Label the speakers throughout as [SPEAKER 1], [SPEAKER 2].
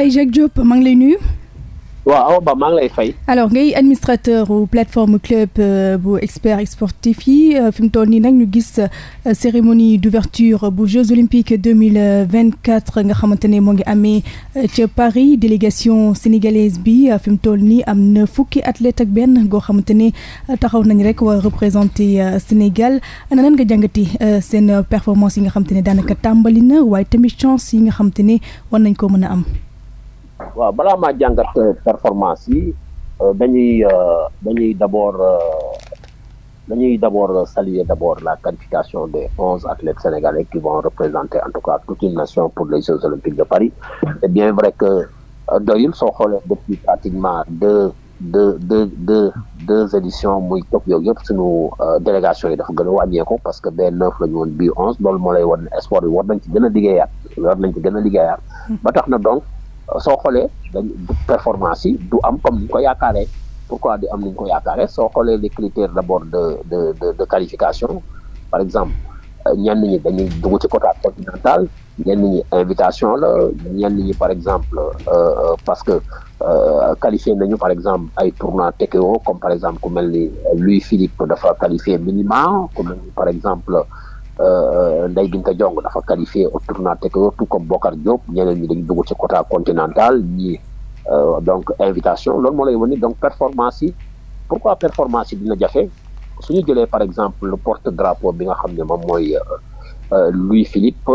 [SPEAKER 1] Mbaye Jacques Diop maa ngi lay nuyu.
[SPEAKER 2] waaw Awa Ba maa lay fay.
[SPEAKER 1] alors ngay administrateur au plateforme club euh, bu expert sportif yi euh, fi mu toll nii nag ñu gis euh, cérémonie d'ouverture bu Jeux olympiques deux mille vingt quatre nga xamante ne moo ngi amee ca Paris délégation sénégalaise bi fi mu toll nii am na fukki athlète ak benn goo xamante ne taxaw nañ rek waa représenter Sénégal ana nan nga jàngati seen performance yi nga xamante ne daanaka tàmbali na waaye tamit chance yi nga xamante ne war nañ ko mën a am.
[SPEAKER 2] waaw balaa maa jàngat euh, performance yi euh, dañuy euh, dañuy d' abord dañuy d' abord saluer d' abord la qualification des onze athlètes sénégalais qui vont représenter en tout cas toute une nation pour les Jeux olympiques de Paris et eh bien vrai que doyul soo xoolee depuis pratiquement deux deux deux deux deux éditions muy toog yooyu yëpp suñu délégation yi dafa gën a wàññeeku parce que benn neuf la onze loolu moo lay wan sport bi war nañ ci gën a liggéeyaat war nañ ci gën a liggéeyaat hmm. ba tax na donc soo xoolee performance yi du am comme ni ñu ko yaakaaree pourquoi du am ni ñu ko yaakaaree soo xoolee les critères abord de de de de qualification par exemple ñenn ñi dañuy dugg ci quota continental ñenn ñi invitation la ñenn ñi par exemple euh, euh, parce que euh, qualifié nañu par exemple ay tournoi TKO comme par exemple ku mel ni Louis Philippe dafa qualifié minima ku mel ni par exemple. Euh, Ndeye Binta Diong dafa qualifié au tournoi Tekno comme Bokar Diop ñeneen ñi dañu dugg ci quota continental ñi euh, donc invitation loolu moo lay wane donc performance yi pourquoi performance yi dina jafe su ñu jëlee par exemple le porte drapeau bi nga xam ne moom mooy euh, Louis Philippe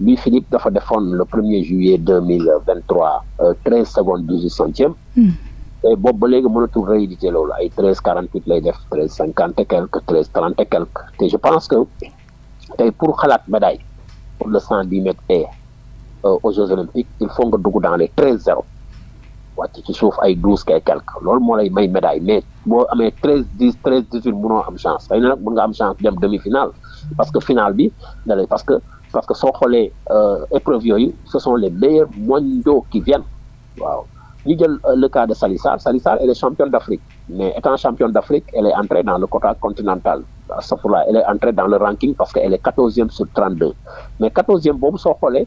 [SPEAKER 2] Louis Philippe dafa defoon le premier juillet deux mille vingt trois treize secondes dix huit centièmes. Hmm. te boobu ba léegi mënatul réédité loolu ay treize quarante huit lay def treize cinquante et quelque treize pense que. tey pour xalaat médaille pour le cent dix mètres et euh, aux Jeux olympiques il faut nga dugg dans les treize zéro wàcc ci suuf ay douze kay quelque loolu moo lay may médaille mais boo amee treize dix treize dix huit no am chance xëy na nag mën nga am chance dem demi final parce que finale bi da lay parce que parce que soo xoolee euh, épreuves yooyu ce sont les meilleurs mondiaux qui viennent waaw ñu jël euh, le cas de Sali Sarr Sali Sarr elle est championne d'Afrique mais étant championne d'Afrique elle est entrée dans le quota continental astafurlah elle est entrée dans le ranking parce que est quatorzième sur trente deux mais quatorzième boobu soo xoolee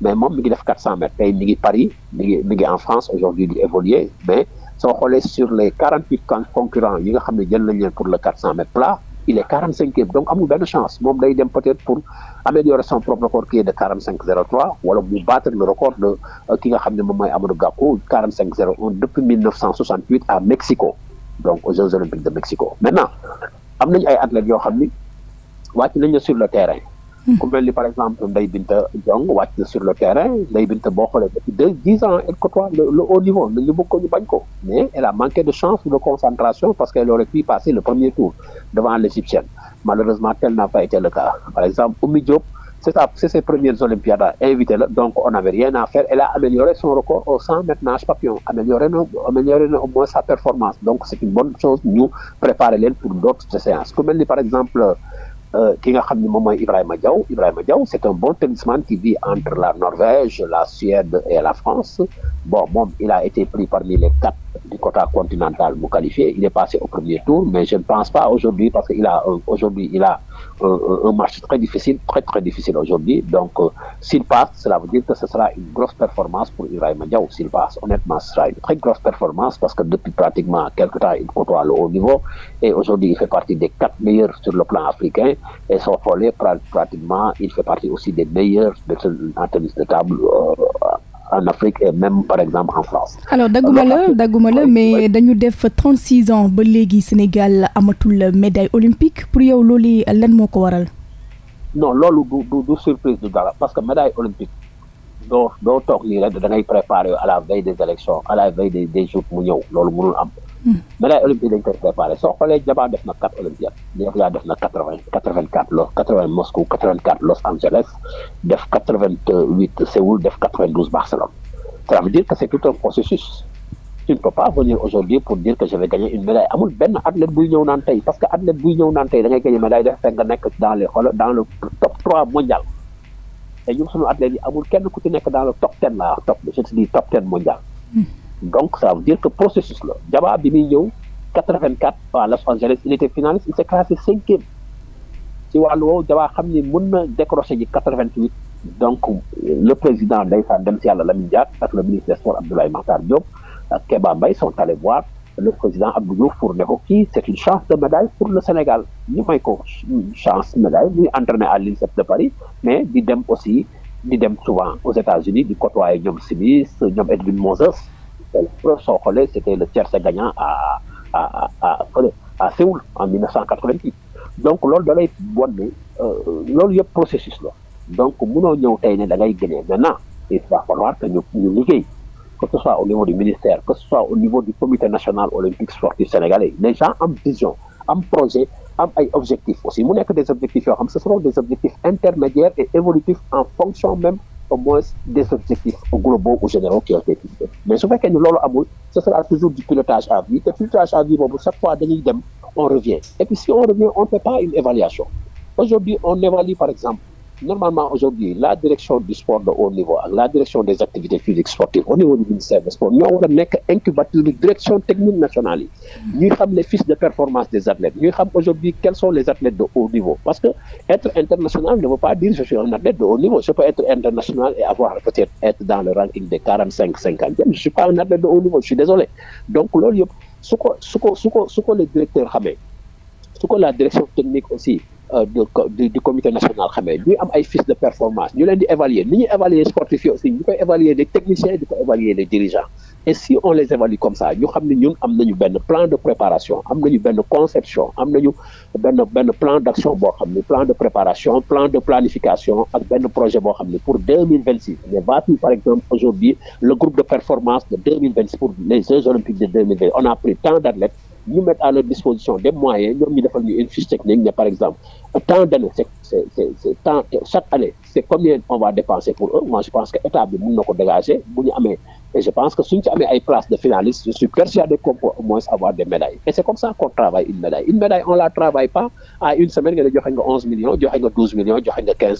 [SPEAKER 2] mais moom mi ngi def 400 mètres tey mi ngi Paris mi ngi en France aujourd'hui di évoluer mais soo xoolee sur les 48 concurrents yi nga xam ne jël nañ leen pour le 400 mètres plat il est 45e donc amul benn chance moom day dem peut-être pour améliorer son propre record qui est de 45-03 euh, ki nga xam ne moom mooy Amadou Gackou 45-01 depuis 1968 à Mexico donc aux Jeux olympiques de Mexico maintenant am nañu ay athlètes yoo xam ni wàcc nañu sur le terrain. ku mel ni par exemple Ndeye Binta Diong wàcc na sur le terrain Ndeye Binta boo xoolee depuis deux dix ans elle côtoie le, haut niveau na ñu bëgg bañ ko mais a manqué de chance de concentration parce qu'elle aurait pu passer le premier tour devant l'Égyptienne malheureusement tel n'a pas été le cas par exemple Oumy Diop c'est ses premières Olympiades invité la donc on n'avait rien à faire elle a amélioré son record au 100 mètres nage papillon amélioré na amélioré Euh, ki nga xam ne moom mooy Ibrahima Diaw Ibrahima Diaw c'est un bon tennisman qui vit entre la Norvège la Suède et la France bon moom il a été pris parmi les quatre du quota continental bu qualifié il est passé au premier tour mais je ne pense pas aujourd'hui parce que a aujourd'hui il a un, un très difficile très difficile aujourd'hui euh, s'il passe cela veut dire que ce sera une grosse performance pour Ibrahima Diaw s'il passe honnêtement ce sera une très grosse performance parce que depuis quelque temps il côtoie le haut niveau et aujourd'hui il fait partie des quatre meilleurs sur le plan africain et son volet pratiquement aussi des meilleurs en tennis en Afrique et même par exemple en France.
[SPEAKER 1] alors dagguma la dagguma la mais dañu def trente six ans ba léegi Sénégal amatul médaille olympique pour yow loolu lan moo ko waral.
[SPEAKER 2] non loolu du du du surprise du dara parce que médaille olympique doo doo toog nii rek da ngay préparer à la veille des élections à la veille des des jours mu ñëw loolu mënul am. Hmm. médaille olympique dañ koy préparer soo xoolee Japan def na quatre olympiades. Nigeria def na quatre vingt quatre-vingt-quatre Los quatre-vingt Moscou quatre dire que c'est tout un processus tu ne peux pas venir aujourd'hui pour dire que je vais gagner une médaille amul benn athlète buy ñëw naan tey parce que athlète buy ñëw naan tey da ngay gagner médaille def fekk nga nekk dans le top trois mondial te ñun suñu athlètes yi amul kenn ku ci nekk dans le top ten laa top je te dis top ten mondial hmm. donc ça veut dire que processus la jabaa bi muy ñëw 84 à Los Angeles il était ci wàllu woowu dawaa xam ne mën na décroché ji quatre vingt huit donc le président ndeysaan dem si yàlla Lamine Diack ak le ministre des sports Abdoulaye Makhtar Diop ak Keba Mbaye sont allés voir le président Abdou pour ne ko kii c'est une chance de médaille pour le Sénégal ñu may ko chance médaille muy entraîné à l'INSEP de Paris mais di dem aussi di dem souvent aux États-Unis di côtoyer ñoom Smith ñoom Edwin Moses preuve soo xoolee c'était le tiers gagnant à à à à Séoul en 1988 donc loolu da lay wan ne euh, loolu yëpp processus la donc mënoo ñëw tey ne da ngay gagné maintenant il va falloir que ñu ñu liggéey que ce soit au niveau du ministère que ce soit au niveau du comité national olympique sportif sénégalais les gens am vision am projet am ay objectifs aussi mu nekk des objectifs yoo xam ce seront des objectifs intermédiaires et évolutifs en fonction même au moins des objectifs globaux ou généraux qui ont été fixés mais su fekkee ni loolu amul ce sera toujours du pilotage à vue te pilotage à vue boobu chaque fois dañuy dem on revient et puis si on revient on ne fait pas une évaluation aujourd'hui on évalue par exemple normalement aujourd'hui la direction du sport de haut niveau ak la direction des activités physiques sportives au niveau du ministère des sports ñoo war a nekk incubateur direction technique nationale yi ñuy xam les de performance des athlètes ñuy xam aujourd'hui quels sont les athlètes de haut niveau parce que être international et avoir peut-être être dans le ranking des quarante cinq cinquantième je suis pas un athlète de haut niveau Euh, du du comité national xamee ñuy am ay fiches de performance ñu leen di évaluer ni ñuy évaluer sportif yi aussi ñu koy évaluer les techniciens di ko évaluer les dirigeants et si on les évalue comme ça ñu xam ne am nañu benn plan de préparation am nañu plan boo xam ne plan de préparation plan de planification ak benn projet boo xam ne pour deux mille vingt par exemple aujourd'hui le groupe de performance de pour les Jeux olympiques de ñu mettre à leur disposition des moyens ñoom ñu defal ñu une fiche technique ne par exemple tant d'années c'est c'est c'est tant chaque année c'est combien on va dépenser pour eux moi je pense que état bi mën na ko dégager bu ñu amee je pense que suñ ci amee ay places de finalistes je suis persuadé qu'on peut au avoir des médailles et c'est comme ça qu'on travaille une médaille une médaille on la travaille pas à une semaine nga ne joxe nga onze millions joxe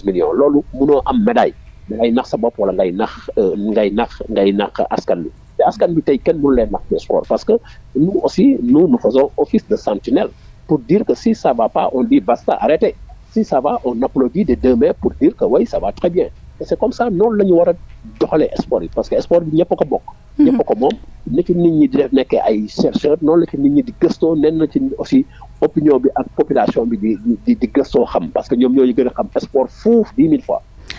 [SPEAKER 2] nga douze askan bi tey kenn mënu leen nax des sports parce que nous aussi nous nous faisons office de sentinelle pour dire que si sa va pas on dit basta arrêtez si ça va on applaudit des deux mains pour dire que oui ça va très bien c'est comme ça noonu la ñu war a doxalee sport yi parce que sport bi ñëpp ko bokk mhm. ñëpp a ko moom na ci nit ñi di def nekkee ay chercheur noonu la nit ñi di gëstoo nen na ci opinion bi ak population bi di di di gëstoo xam parce que ñoom ñooñu gën a xam sport fuuf dix mille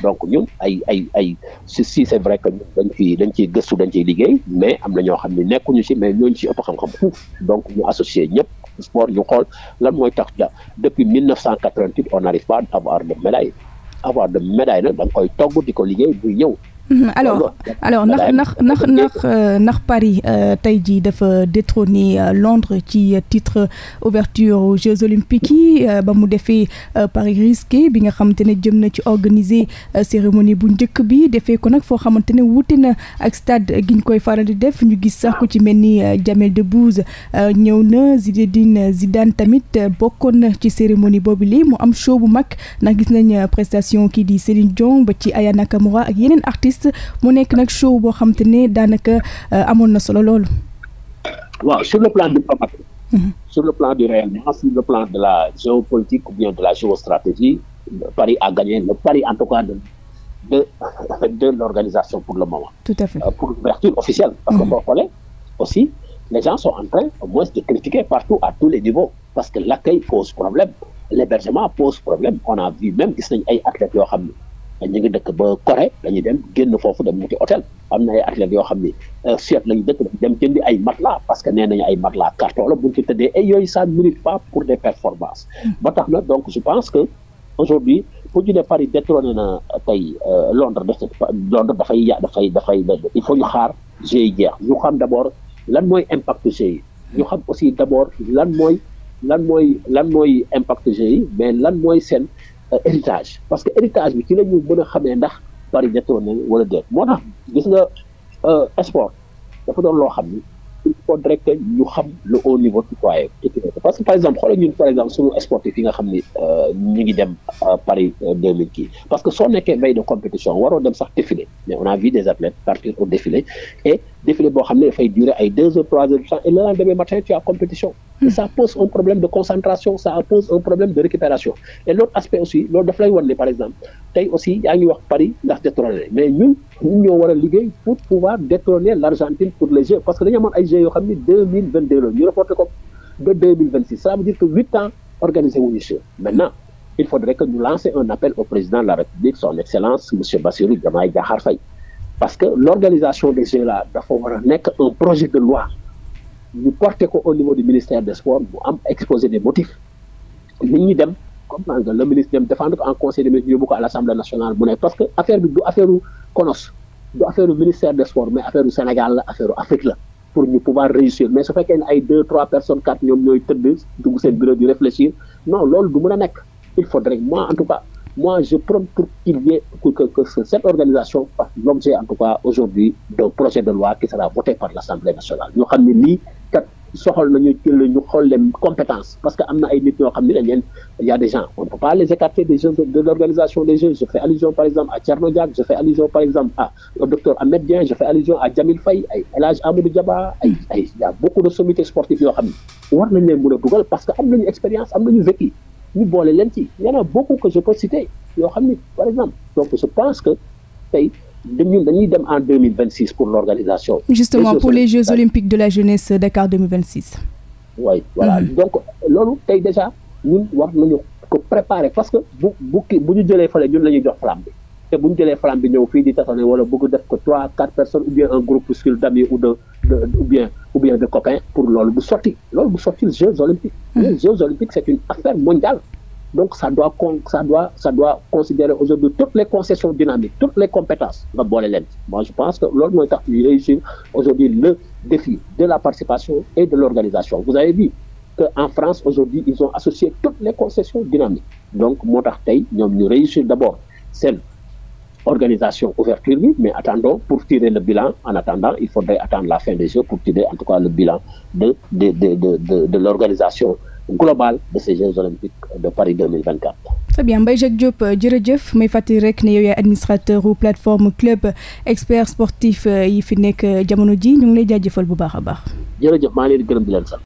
[SPEAKER 2] donc ñun ay ay ay si si c'est vrai que ñun dañ ciy dañ ciy gëstu dañ ciy liggéey mais am na ñoo xam ne nekkuñu si mais ñooñu ci ëpp xam-xam fuuf donc ñu associé ñëpp sport ñu xool lan mooy tax depuis 1988 on n'arrive pas à avoir de médaille avoir de médaille na da koy togg di ko liggéey buy ñëw
[SPEAKER 1] Mhm. alors alors ndax ndax ndax ndax euh, ndax Paris euh, tey jii dafa détrôner euh, Londres ci titre ouverture aux Jeux olympiques ba mu defee Paris risqué bi nga xamante ne jëm na ci organiser cérémonie bu njëkk bi defee ko nag foo xamante ne wuute na ak stade gi ñu koy faral di def ñu gis sax ku ci mel ni de Debbouze ñëw na Zinedine Zidane tamit bokkoon na ci cérémonie boobu li mu am show bu mag ndax gis nañ prestation kii di Céline Dion ba ci Aya Nakamura ak yeneen artistes. artiste mu nekk nag show boo xam te ne daanaka euh, amoon na solo loolu.
[SPEAKER 2] waaw sur le plan diplomatique. Mm-hmm. le plan du réellement sur le plan de la géopolitique ou bien de la géostratégie Paris a gagné le pari en tout cas de de l'organisation pour le moment. tout à fait euh, pour l'ouverture officielle. parce que mm-hmm. boo xoolee aussi les gens sont en train au moins de critiquer partout à tous les niveaux parce que l'accueil pose problème l'hébergement pose problème on a vu même gis nañ ay athlètes yoo xam ne. ñu ngi dëkk ba Corée dañuy dem génn foofu dem wuti am na ay athlètes yoo xam ni euh, Suède lañu dëkk dem jëndi ay matelas parce que nee nañu ay matelas carton la buñ ci tëddee et yooyu saa ne mérite pas pour des performances hmm. ba tax na donc je pense que aujourd'hui pour ñu ne Paris détrôné na euh, tey euh, Londres def Londres dafay ya dafay dafay il faut ñu xaar GIE jeex ñu xam d'abord lan mooy impact GIE ñu xam aussi d'abord lan mooy lan mooy lan mooy impact GIE mais lan mooy seen Euh, héritage parce que héritage bi ci la ñu mën a xamee ndax pari détourné wala déet moo tax gis nga euh, sport dafa doon loo xam ni reconnecté ñu xam le parce que soo nekkee veille de compétition waroo dem sax défilé mais on a vu des athlètes partir au défilé et défilé boo xam ne dafay durer ay deux heures trois heures de temps et le lendemain tu as compétition hmm. ça pose un problème de concentration ça pose un problème de récupération et l'autre aspect aussi loolu daf lay par exemple tey aussi yaa ngi wax Paris ndax détrôné mais ñun ñun ñoo war a liggéey pour pouvoir détrôner l'Argentine pour les Jeux parce que dañu amoon ay Jeux yoo xam ni deux mille vingt deux la ñu reporté ko ba deux mille vingt six ça veut dire que huit ans organisé wuñu Jeux maintenant il faudrait que ñu lancer un appel au président de la République son excellence monsieur Bassirou Diomaye Diakhar Faye parce que l'organisation des Jeux là dafa war a nekk un projet de loi ñu porté ko au niveau du ministère des sports mu am exposé des motifs nit ñi dem comprendre nga le ministre dem en conseil des ministres yóbbu ko à l'assemblée nationale parce que affaire bi du affaire u konos du affaire u ministère des mais affaire u Sénégal la affaire u Afrique la pour ñu pouvoir réussir mais su fekkee ne ay deux trois personnes quatre ñoom ñooy tëdd dugg seen bureau di réfléchir non loolu du mën a nekk il faudrait moi en tout cas moi je prône pour qu'il y que, cette organisation fasse l'objet en tout ne lii soxal nañu ci ñu xool le compétence parce que am na ay nit ñoo xam ne dañ leen y a des gens on ne peut pas les écarter des jeunes de l'organisation des jeunes je fais allusion par exemple à Thierno Diack je fais allusion par exemple à docteur Ahmed Dieng je fais allusion à Jamil Faye El Hadj Amadou Diaba ay ay a beaucoup de sommités sportives yoo xam war nañ leen mën a dugal parce que am nañu expérience am nañu ñu boole leen ci y en a beaucoup que je peux citer yoo xam ne par exemple donc je pense que tey ñun dañuy dem en deux mille vingt six pour l'organisation justement pour les Jeux
[SPEAKER 1] olympiques de la jeunesse Dakar deux mille vingt six
[SPEAKER 2] oui mm-hmm. préparer parce que bu bu ki bu ñu jëlee fële ñun la ñuy jox flamme bi te bu ñu jëlee flamme bi ñëw fii di tasaane wala bëgg trois quatre personnes ou bien un groupuscule d'amis ou de ou bien ou bien de copains pour loolu bu sotti loolu bu sotti Jeux olympiques mm-hmm. les Jeux olympiques c'est une affaire mondiale donc ça doit con ça doit ça doit considérer aujourd'hui toutes les concessions dynamiques toutes les compétences nga boole leen je pense que loolu mooy tax ñuy réussir aujourd'hui le défi de la participation et de l'organisation vous avez vu que en France aujourd'hui ils ont associé toutes les concessions dynamiques donc moo tax tey ñoom ñu réussir d'abord seen organisation ouverture bi mais attendons pour tirer le bilan en attendant il faudrait attendre la fin des Jeux pour tirer en tout cas le bilan de de globale de ces Jeux olympiques de Paris 2024.
[SPEAKER 1] Très bien Mbaye Jacques Diop euh, jërëjëf may fàttali rek ne yow yaay administrateur plateforme club euh, expert sportif euh, yi fi nekk jamono ji ñu ngi lay jaajëfal bu baax a baax.
[SPEAKER 2] jërëjëf